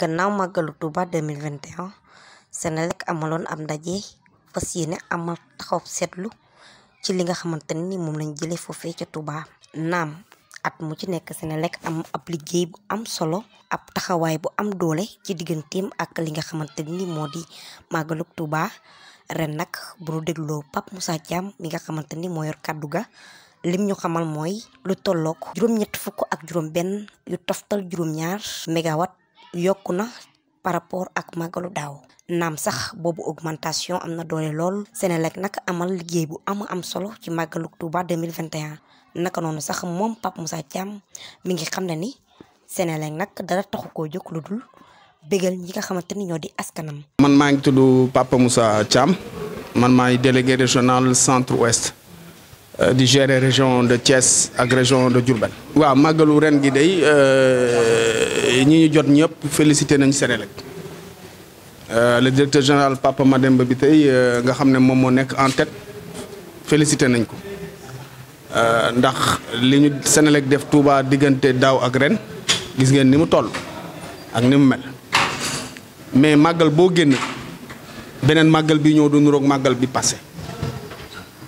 gannaaw màggalu tuba 2021 senelek amalon am ndaje fas yéene amal taxaw setlu ci li nga xamanteni ni mom lañu jëlee fofé ci tuba nam at mu ci nekk am ab bu am solo ab taxaway bu am dole. ci digganteem ak li nga xamanteni ni di màggaluk tuba. ren nak bu nu dégloo Pape Moussa Thiam mi nga xamanteni mo yor kaddu ga lim ñu xamal moy lu tollok juroom ñet fukk ak juroom ben yu toftal juroom ñaar megawatt yokuna par rapport ak magalu daw nam sax bobu augmentation amna doole lol senelek nak amal liggéey bu am am solo ci magalu Touba 2021 nak nonu sax mom pap Moussa cham mi ngi xamna ni senelek nak dara taxu koo jóg ñi nga xamanteni di askanam. man ma ngi tuddu Pape Moussa Thiam man west. délégué régional centre ouest. Euh, di gérer région de Thiès ak région de Diourbel. Wa je ren euh, ñi euh, le directeur général Papa Mademba bi nga xamné mom mo nek en tête nañ ko ndax Sénélec def Touba ak ren mais magal suis génn benen bi bi passé.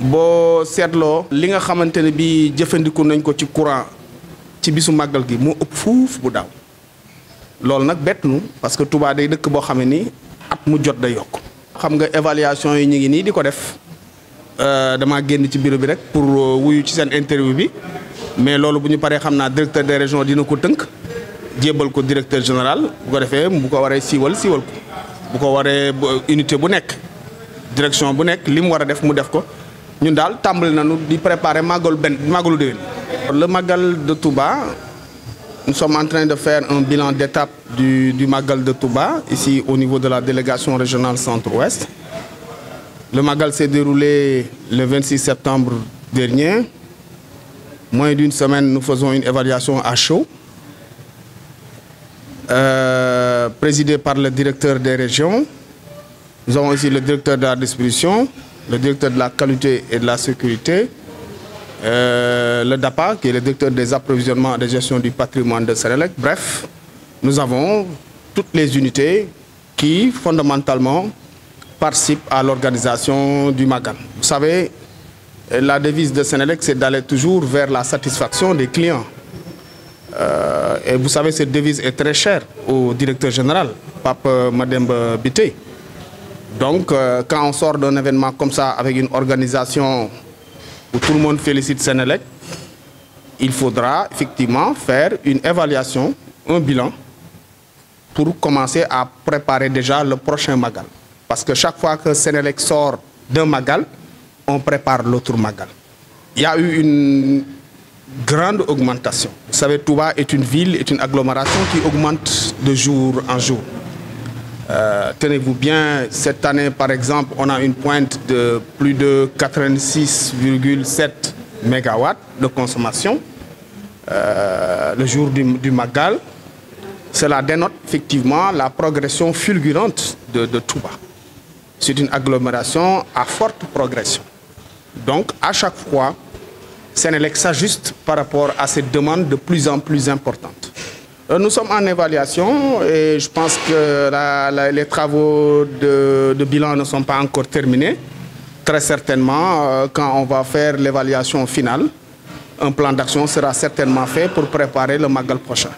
boo seetloo li nga xamante ne bi jëfandiku nañ ko ci courant ci bisu màggal gi moo ëpp fuuf bu daaw loolu nag bett nu parce que tubaa day dëkk boo xam ne ni at mu jot day yokk xam nga évaluation yi ñu ngi nii di ko def euh, damaa génn ci bureau bi rek pour euh, wuyu ci seen interview bi mais loolu bu ñu paree xam naa directeur de région dina ko tënk jébbal ko directeur général bu ko defee bu ko waree siiwal siiwal ko bu ko waree unité bu nekk direction bu nekk li mu war a def mu def ko di préparer le magal de Touba nous sommes en train de faire un bilan d'étape du Magal de Touba ici au niveau de la délégation régionale Centre-Ouest. Le Magal s'est déroulé le 26 septembre dernier. Moins d'une semaine, nous faisons une évaluation à chaud, euh, présidée par le directeur des régions. Nous avons ici le directeur de la distribution, le directeur de la qualité et de la sécurité, euh, le DAPA, qui est le directeur des approvisionnements et de gestion du patrimoine de Sénélec. Bref, nous avons toutes les unités qui, fondamentalement, participent à l'organisation du MAGAN. Vous savez, la devise de Sénélec, c'est d'aller toujours vers la satisfaction des clients. Euh, et vous savez, cette devise est très chère au directeur général, Pape Madame Bité. Donc, euh, quand on sort d'un événement comme ça avec une organisation où tout le monde félicite Sénélec, il faudra effectivement faire une évaluation, un bilan, pour commencer à préparer déjà le prochain Magal. Parce que chaque fois que Sénélec sort d'un Magal, on prépare l'autre Magal. Il y a eu une grande augmentation. Vous savez, Touba est une ville, est une agglomération qui augmente de jour en jour. Euh, tenez-vous bien, cette année par exemple, on a une pointe de plus de 86,7 MW de consommation euh, le jour du, Magal. Cela dénote effectivement la progression fulgurante de, Touba. C'est une agglomération à forte progression. Donc à chaque fois, Sénélec s'ajuste par rapport à cette demande de plus en plus importante. Euh, nous sommes en évaluation et je pense que les travaux de, de, bilan ne sont pas encore terminés. Très certainement, euh, quand on va faire l'évaluation finale, un plan d'action sera certainement fait pour préparer le Magal prochain.